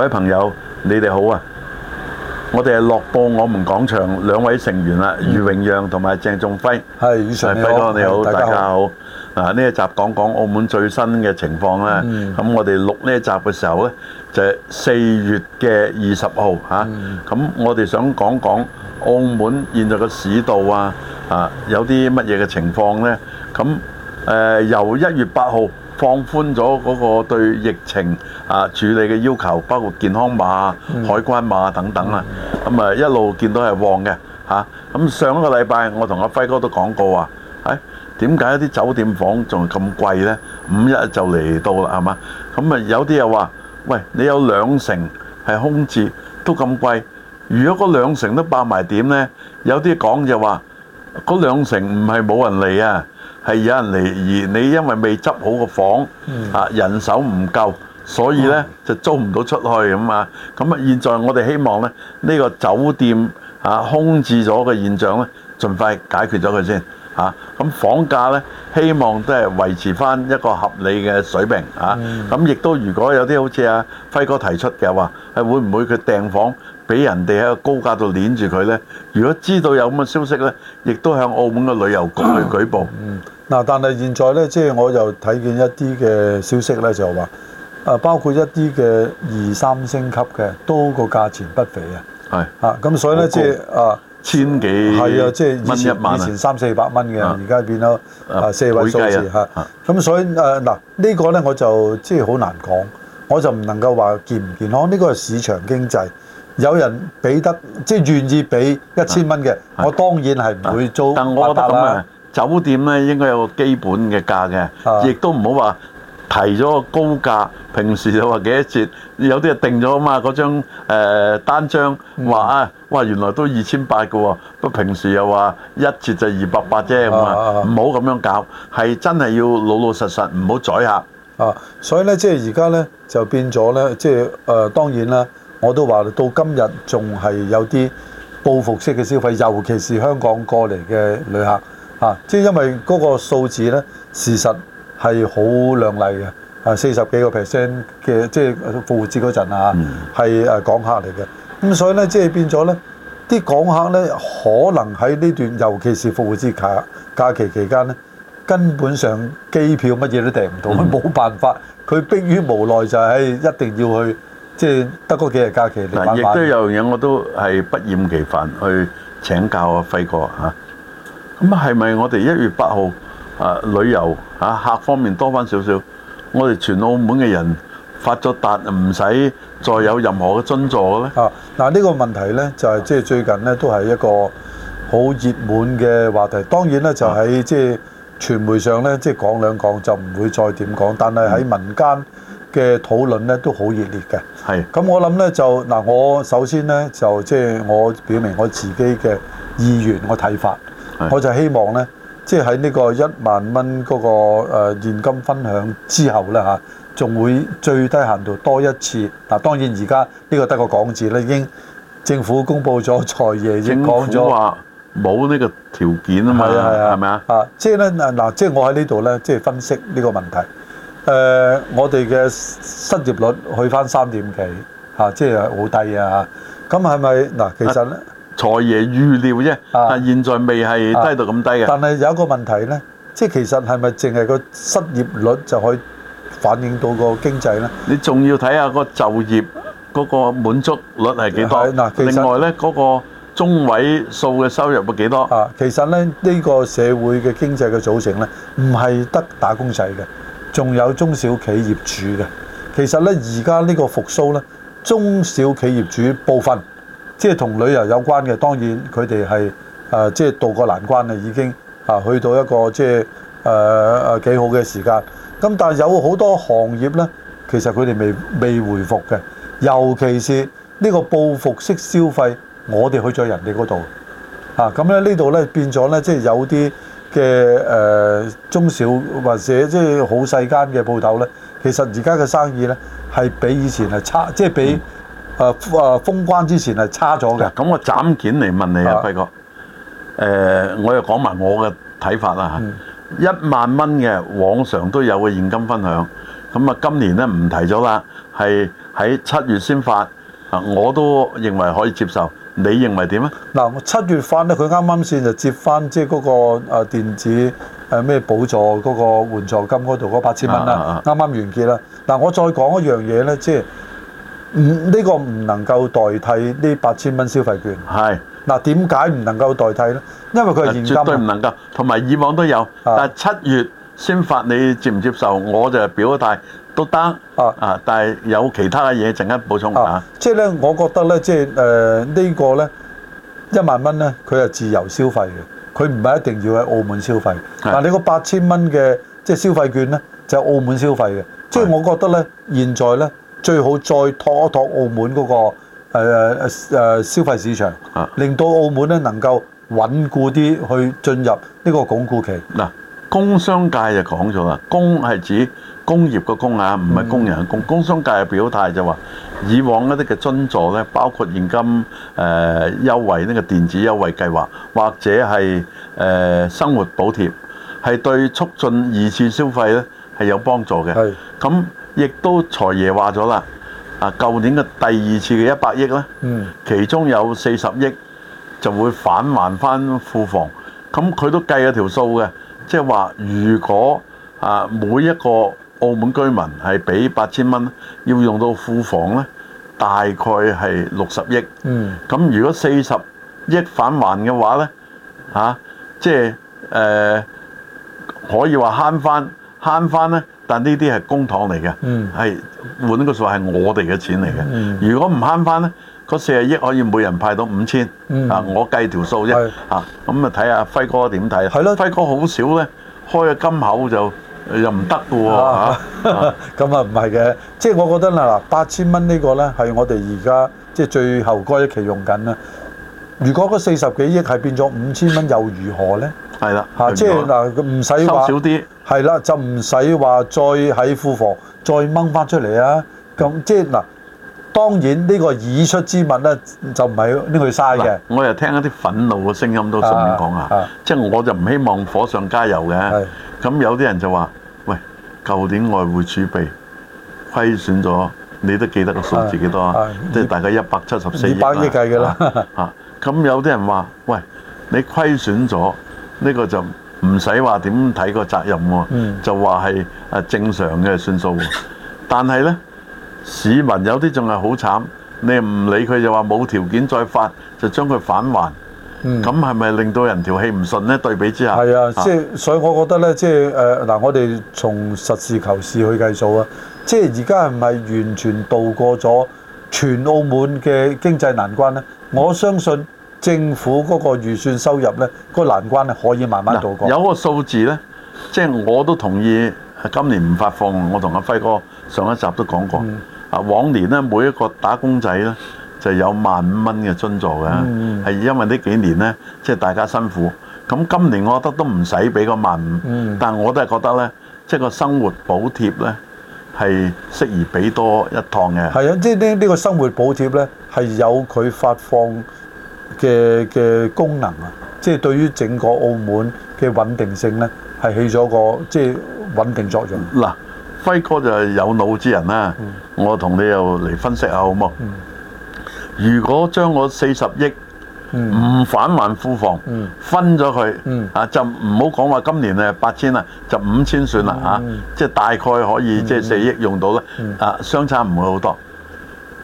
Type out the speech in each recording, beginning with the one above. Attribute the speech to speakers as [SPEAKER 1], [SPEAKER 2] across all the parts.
[SPEAKER 1] 各
[SPEAKER 2] 位朋友，你哋好啊！我哋係樂報我們講場兩位成員啊，余榮讓同埋鄭仲輝。係余輝哥，你好，你好是大家好。呢、啊、一集講講澳門最新嘅情況啦、啊。咁、嗯、我哋錄呢一集嘅時候咧，就係、是、四月嘅二十號吓。咁、嗯啊、我哋想講講澳門現在嘅市道啊，啊有啲乜嘢嘅情況咧？咁誒、呃、由一月八號放寬咗嗰個對疫情。啊！處理嘅要求包括健康碼、海關碼等等啦。咁啊一路見到係旺嘅嚇。咁上一個禮拜我同阿輝哥都講過話，誒點解啲酒店房仲咁貴呢？五一就嚟到啦，係嘛？咁啊有啲又話，喂，你有兩成係空置都咁貴，如果嗰兩成都霸埋點呢？有啲講就話嗰兩成唔係冇人嚟啊，係有人嚟，而你因為未執好個房啊，人手唔夠。所以呢，就租唔到出去咁啊，咁啊，現在我哋希望呢，呢個酒店啊空置咗嘅現象呢，盡快解決咗佢先啊。咁房價呢，希望都係維持翻一個合理嘅水平啊。咁亦都如果有啲好似阿輝哥提出嘅話，係會唔會佢訂房俾人哋喺個高價度攆住佢呢？如果知道有咁嘅消息呢，亦都向澳門嘅旅遊局去舉報。嗯，
[SPEAKER 1] 嗱，嗯，但係現在呢，即係我又睇見一啲嘅消息呢，就話。啊，包括一啲嘅二三星級嘅，都個價錢不菲啊！係啊，咁所以咧，即係
[SPEAKER 2] 啊，千幾，係啊，即係以以前三
[SPEAKER 1] 四百蚊嘅，而家變咗啊，四位數字嚇。咁所以啊，嗱，呢個咧我就即係好難講，我就唔能夠話健唔健康。呢個係市場經濟，有人俾得即係願意俾一千蚊嘅，我當然係唔會
[SPEAKER 2] 租。但我覺得咁啊，酒店咧應該有個基本嘅價嘅，亦都唔好話。提咗個高價，平時又話幾多折，有啲係定咗啊嘛，嗰張誒單張話啊，哇，原來都二千八嘅喎，不過平時又話一折就二百八啫咁啊，唔好咁樣搞，係、啊、真係要老老實
[SPEAKER 1] 實，唔好宰客。哦、啊，所以咧，即係而家咧就變咗咧，即係誒當然啦，我都話到今日仲係有啲報復式嘅消費，尤其是香港過嚟嘅旅客啊，即係因為嗰個數字咧事實。係好靚麗嘅，啊四十幾個 percent 嘅、就是嗯，即係復活節嗰陣啊，係誒港客嚟嘅，咁所以咧，即係變咗咧，啲港客咧可能喺呢段，尤其是復活節假假期期間咧，根本上機票乜嘢都訂唔到，佢冇、嗯、辦法，佢迫於無奈就係一定要去，即、就、係、是、得嗰幾日假期嚟買。嗱，亦都
[SPEAKER 2] 有樣嘢我都係不厭其煩去請教阿輝哥嚇，咁啊係咪我哋一月八號？誒、呃、旅遊嚇、啊、客方面多返少少，我哋全澳門嘅人發咗達，唔使再有任
[SPEAKER 1] 何嘅捐助嘅咧、啊。啊！嗱、這、呢個問題咧就係即係最近咧都係一個好熱門嘅話題。當然咧就喺即係傳媒上咧即係講兩講就唔會再點講，但係喺民間嘅討論咧都好熱烈嘅。係的。咁我諗咧就嗱、啊，我首先咧就即係、就是、我表明我自己嘅意願、我睇法，的我就希望咧。即係喺呢個一萬蚊嗰個誒現金分享之後咧嚇，仲會最低限度多一次。嗱，當然而家呢個得個講字啦，已經政府公布咗財爺已經講咗話
[SPEAKER 2] 冇呢個條件係啊嘛、啊吧，係咪啊？
[SPEAKER 1] 啊，即係咧嗱，即係我喺呢度咧，即係分析呢個問題。誒、呃，我哋嘅失業率去翻三點幾嚇，即係好低啊！咁係咪嗱？其實咧？啊
[SPEAKER 2] 財爺預料啫，但現在未係低到咁低嘅。但
[SPEAKER 1] 係有一個問題呢，即係其實係咪淨係個失業率就可以反映到個經濟呢？
[SPEAKER 2] 你仲要睇下個就業嗰個滿足率係幾多？另外呢，嗰個中位數嘅收入係幾
[SPEAKER 1] 多？啊，其實呢，呢個社會嘅經濟嘅組成呢，唔係得打工仔嘅，仲有中小企業主嘅。其實呢，而家呢個復甦呢，中小企業主部分。即係同旅遊有關嘅，當然佢哋係啊，即係渡過難關啦，已經啊去到一個即係誒誒幾好嘅時間。咁但係有好多行業咧，其實佢哋未未回復嘅，尤其是呢個報復式消費，我哋去咗人哋嗰度啊。咁咧呢度咧變咗咧，即係有啲嘅誒中小或者即係好細間嘅鋪頭咧，其實而家嘅生意咧係比以前係差，即係比。嗯誒、啊、封關之前係差咗嘅，咁、啊、我斬件嚟問你啊，輝哥、啊，
[SPEAKER 2] 誒我又講埋我嘅睇法啦，嗯、一萬蚊嘅往常都有嘅現金分享，咁啊今年咧唔提咗啦，係喺七月先發，啊我都認為可以接受，你認為點啊？
[SPEAKER 1] 嗱，七月份咧，佢啱啱先就接翻即係嗰個誒電子誒咩補助嗰個援助金嗰度嗰八千蚊啦，啱啱、啊啊啊、完結啦。嗱、啊，我再講一樣嘢咧，即係。唔，呢個唔能夠代替呢八千蚊消費券。係嗱是，點解唔能夠代替呢？因為佢係現金唔
[SPEAKER 2] 能夠，同埋以往都有，是但係七月先發，你接唔接受？我就表態都得啊是啊！但係有其他嘅嘢，陣間補充下。
[SPEAKER 1] 即係呢，就是、我覺得呢，即係呢個呢，一萬蚊呢，佢係自由消費嘅，佢唔係一定要喺澳門消費。但是、啊、你個八千蚊嘅即係消費券呢，就係、澳門消費嘅。即係是我覺得呢，現在呢。最好再拖一拖澳門嗰個誒誒誒消費市場啊，令到澳門咧能夠穩固啲去進入呢個鞏固期。
[SPEAKER 2] 嗱，工商界就講咗啦，工係指工業嘅工啊，唔係工人嘅工。工商界嘅表態就話，以往一啲嘅津助咧，包括現金誒優惠呢個電子優惠計劃，或者係誒生活補貼，係對促進二次消費咧係有幫助嘅。係咁。亦都財爺話咗啦，啊，舊年嘅第二次嘅一百億咧，嗯、其中有四十億就會返還翻庫房，咁佢都計咗條數嘅，即係話如果啊每一個澳門居民係俾八千蚊，要用到庫房咧，大概係六十億。咁、嗯、如果四十億返還嘅話咧，啊、即係、就是呃、可以話慳翻，慳翻咧。但呢啲係公帑嚟嘅，係、嗯、換個數係我哋嘅錢嚟嘅。嗯、如果唔慳翻咧，嗰四十億可以每人派到五千、嗯，啊我計條數啫，的啊咁啊睇下輝哥點睇？係咯的，輝哥好少咧開咗金口就又唔得
[SPEAKER 1] 嘅喎嚇，咁啊唔係嘅，即係我覺得嗱八千蚊呢個咧係我哋而家即係最後嗰一期用緊啦。如果嗰四十幾億係變咗五千蚊又如何咧？係啦，吓即係嗱，唔使收少啲，係啦，就唔使話再喺庫房再掹翻出嚟啊。咁即係嗱，當然呢個已出之物咧，就唔係呢去嘥嘅啊。
[SPEAKER 2] 我又聽一啲憤怒嘅聲音都順便講下，即係我就唔希望火上加油嘅。咁，的有啲人就話：，喂，舊年外匯儲備虧損咗，你都記得個數字幾多啊？即係大概一百七十四億計嘅啦。吓咁有啲人話：，喂，你虧損咗。呢個就唔使話點睇個責任喎、啊，嗯、就話係誒正常嘅算數、啊。但係呢，市民有啲仲係好慘，你唔理佢就話冇條件再發，就將佢返還。咁係咪令到人條氣唔順呢？對比之下，係啊，即係
[SPEAKER 1] 所以我覺得呢，即係誒嗱，我哋從實事求是去計數啊。即係而家係咪完全渡過咗全澳門嘅經濟難關呢？嗯、我相信。政府嗰個預算收入呢，個難關咧可以慢慢渡過。有
[SPEAKER 2] 個數字呢，即係我都同意今年唔發放。我同阿輝哥上一集都講過，啊往年咧每一個打工仔呢，就有萬五蚊嘅津助嘅，係因為呢幾年呢，即係大家辛苦。咁今年我覺得都唔使俾個萬五，但我都係覺得呢，即係個生活補貼呢，係適宜俾多一趟嘅。
[SPEAKER 1] 係啊，即係呢呢個生活補貼呢，係有佢發放嘅嘅功能啊，即係對於整個澳門嘅穩定性咧，係起咗個即係穩定作用。
[SPEAKER 2] 嗱，輝哥就係有腦之人啦，啊，嗯、我同你又嚟分析下好冇？嗯、如果將我四十億唔返還庫房，分咗佢啊，嗯、就唔好講話今年啊八千啊，就五千算啦吓，即係大概可以即係四億用到咧，嗯、啊，相差唔會好多。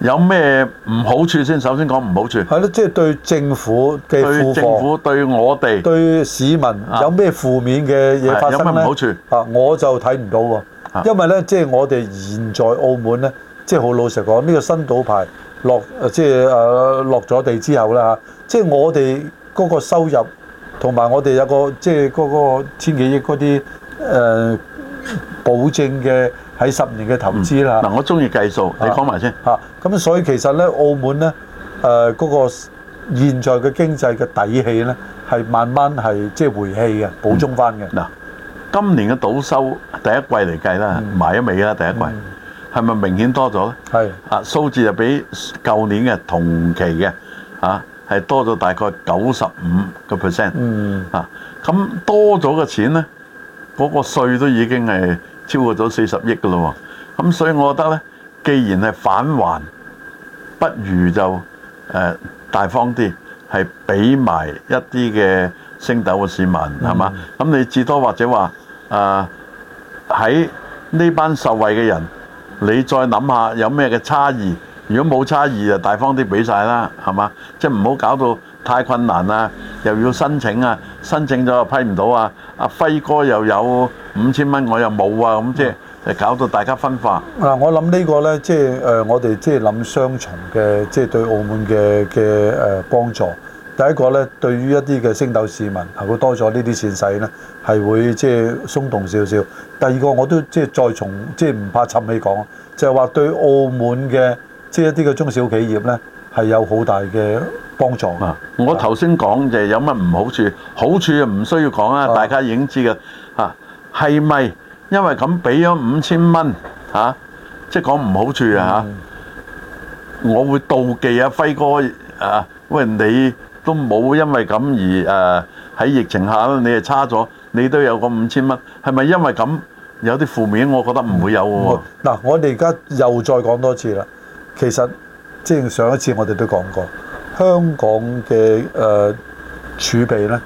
[SPEAKER 2] 有咩
[SPEAKER 1] 唔好處先？首先講唔好處。係咯，即係對政府嘅負。對政府對我哋。對市民有咩負面嘅嘢發生？有咩唔好處？啊，我就睇唔到喎。因為咧，即係我哋現在澳門咧，即係好老實講，呢個新賭牌落，即係誒落咗地之後啦，即係我哋嗰個收入同埋我哋有個即係嗰個千幾億嗰啲誒保證嘅。係十年嘅投資啦。嗱，
[SPEAKER 2] 我中意計數，你講埋
[SPEAKER 1] 先。嚇，咁所以其實咧，澳門咧，誒嗰個現在嘅經濟嘅底氣咧，係慢慢係即係回氣嘅，補充翻嘅。嗱，今年嘅賭收第一季嚟
[SPEAKER 2] 計啦，埋咗尾啦，第一季係咪明顯多咗咧？係。啊，數字就比舊年嘅同期嘅嚇係多咗大概九十五個 percent。嗯。啊，咁多咗嘅錢咧，嗰個稅都已經係。超過咗四十億嘅咯喎，咁所以我覺得呢，既然係返還，不如就誒大方啲，係俾埋一啲嘅升斗嘅市民，嗯，係嘛？咁你至多或者話誒喺呢班受惠嘅人，你再諗下有咩嘅差異？如果冇差異就大方啲俾晒啦，係嘛？即係唔好搞到太困難啊，又要申請啊，申請咗又批唔到啊！阿輝哥又有五千蚊，我又冇啊，咁即係搞到大家分化。
[SPEAKER 1] 嗱、嗯，我諗呢個呢，即係誒，我哋即係諗雙重嘅，即係對澳門嘅嘅誒幫助。第一個呢，對於一啲嘅星斗市民，係會多咗呢啲錢使呢，係會即係鬆動少少。第二個我都即係再從即係唔怕沉氣講，就係話對澳門嘅即係一啲嘅中小企業呢。係有好大嘅幫助啊。
[SPEAKER 2] 我頭先講就有乜唔好處，好處啊唔需要講啊，大家已經知噶吓，係咪因為咁俾咗五千蚊吓，即係講唔好處啊吓？嗯、我會妒忌啊輝哥啊，喂你都冇因為咁而誒喺、啊、疫情下你係差咗，你都有個五千蚊，係咪因為咁有啲負面？我覺得唔會有嘅喎、
[SPEAKER 1] 啊。嗱、嗯，我哋而家又再講多次啦，其實。即係上一次我哋都講過，香港嘅誒、呃、儲備咧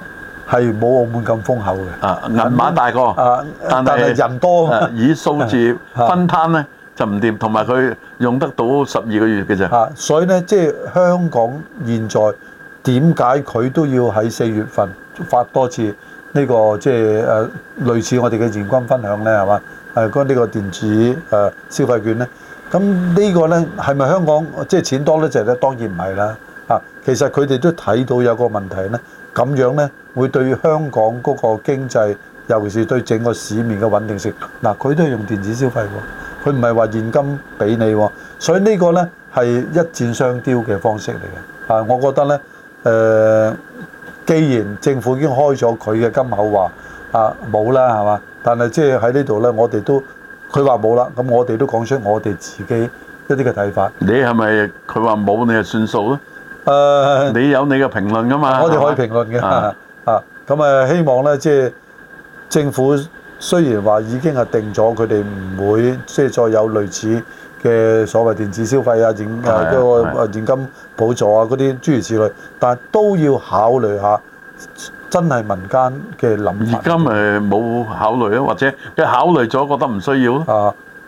[SPEAKER 1] 係冇澳門咁豐厚嘅。啊，
[SPEAKER 2] 銀碼大過，啊、但係是人多、啊，以數字分攤咧就唔掂，同埋佢用得到十二個月嘅啫、啊。
[SPEAKER 1] 所以咧，即係香港現在點解佢都要喺四月份發多次呢、呢個即係誒類似我哋嘅現金分享咧，係嘛？誒，嗰呢個電子誒消費券咧？咁呢個呢係咪香港即係錢多得滯呢？當然唔係啦。其實佢哋都睇到有個問題呢，咁樣呢會對香港嗰個經濟，尤其是對整個市面嘅穩定性。嗱，佢都係用電子消費喎，佢唔係話現金俾你喎。所以呢個呢係一箭雙雕嘅方式嚟嘅。啊，我覺得呢，誒、呃，既然政府已經開咗佢嘅金口話，啊冇啦係嘛，但係即係喺呢度呢，我哋都。佢話冇啦，咁我哋都講出我哋自己一啲嘅睇法。
[SPEAKER 2] 你係咪佢話冇，你就算數咯？誒、呃，你有你嘅評論噶嘛？我哋可以評論嘅吧、啊。
[SPEAKER 1] 啊，咁啊，啊，啊，希望咧，即係政府雖然話已經係定咗，佢哋唔會即係再有類似嘅所謂電子消費啊、現誒嗰個現金補助啊嗰啲諸如此類，但都要考慮下。真係民間嘅諗法，而家咪冇考慮咯，或者嘅考慮咗覺得唔需要咯。啊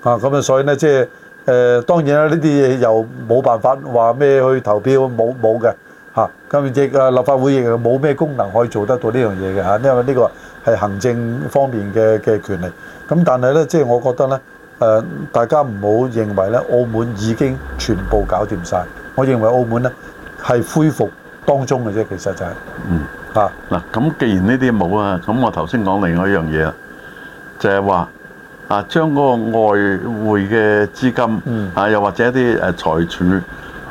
[SPEAKER 1] 啊，咁啊，所以呢，即係誒，當然啦，呢啲嘢又冇辦法話咩去投票，冇冇嘅嚇。今次啊，立法會亦冇咩功能可以做得到呢樣嘢嘅嚇。因為呢個係行政方面嘅嘅權力。咁但係呢，即係我覺得呢，誒大家唔好認為呢，澳門已經全部搞掂晒。我認為澳門呢係恢復。當中嘅啫，其實就係、是，嗯啊
[SPEAKER 2] 嗱，咁既然呢啲冇啊，咁我頭先講另外一樣嘢啊，就係話啊，將嗰個外匯嘅資金、嗯、啊，又或者一啲誒財儲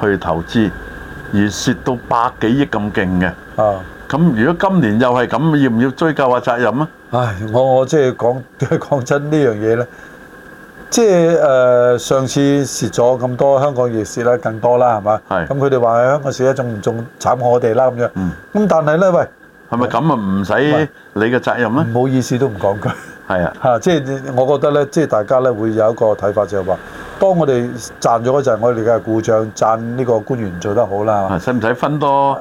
[SPEAKER 2] 去投資，而蝕到百幾億咁勁嘅啊，咁如果今年又係咁，要唔要追究下責任啊？
[SPEAKER 1] 唉，我我即係講講真呢樣嘢咧。即係誒、呃、上次蝕咗咁多，香港亦蝕啦，更多啦，係嘛？係是的。咁佢哋話香港蝕咧，仲仲慘我哋啦咁樣。嗯。咁但係咧，喂，係咪咁啊？唔使你嘅責任咧。唔好意思，都唔講句。係是的 啊。嚇！即係我覺得咧，即係大家咧會有一個睇法，就話、係、當我哋賺咗嗰陣，我哋嘅鼓掌賺呢個官員做得好啦。啊，
[SPEAKER 2] 使唔使分多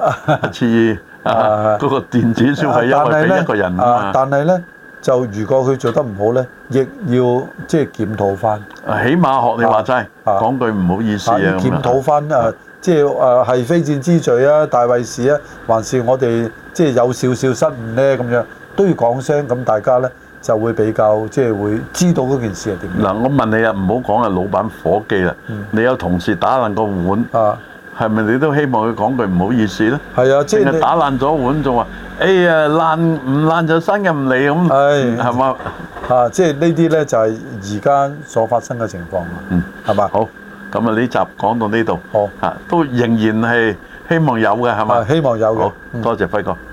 [SPEAKER 2] 次啊？嗰個電子消費因為俾一個人，但係呢，啊，但
[SPEAKER 1] 係咧。就如果佢做得唔好咧，亦要即係、就是、檢討翻。起
[SPEAKER 2] 碼學你話齋，講、啊、句唔好意思啊咁、啊、檢討
[SPEAKER 1] 翻是啊，即、就、係、是、啊，係非戰之罪啊，大衛士啊，還是我哋即係有少少失誤咧咁樣，都要講聲，咁大家咧就會比較即係、就是、會知道嗰件事係點。
[SPEAKER 2] 嗱、啊，我問你啊，唔好講係老闆、伙計啦，你有同事打爛個碗，係咪、啊、你都希望佢講句唔好意思咧？係啊，即、就、係、是、你打爛咗碗仲話。哎
[SPEAKER 1] 爛唔爛就新嘅唔理，哎、係嘛啊，即係呢啲就係而家所發生嘅情況，嗯，
[SPEAKER 2] 係嘛好，咁啊呢集講到呢度，好、哦，啊，都仍然係希望有嘅，係嘛、啊、希望有嘅，好，多謝輝哥。嗯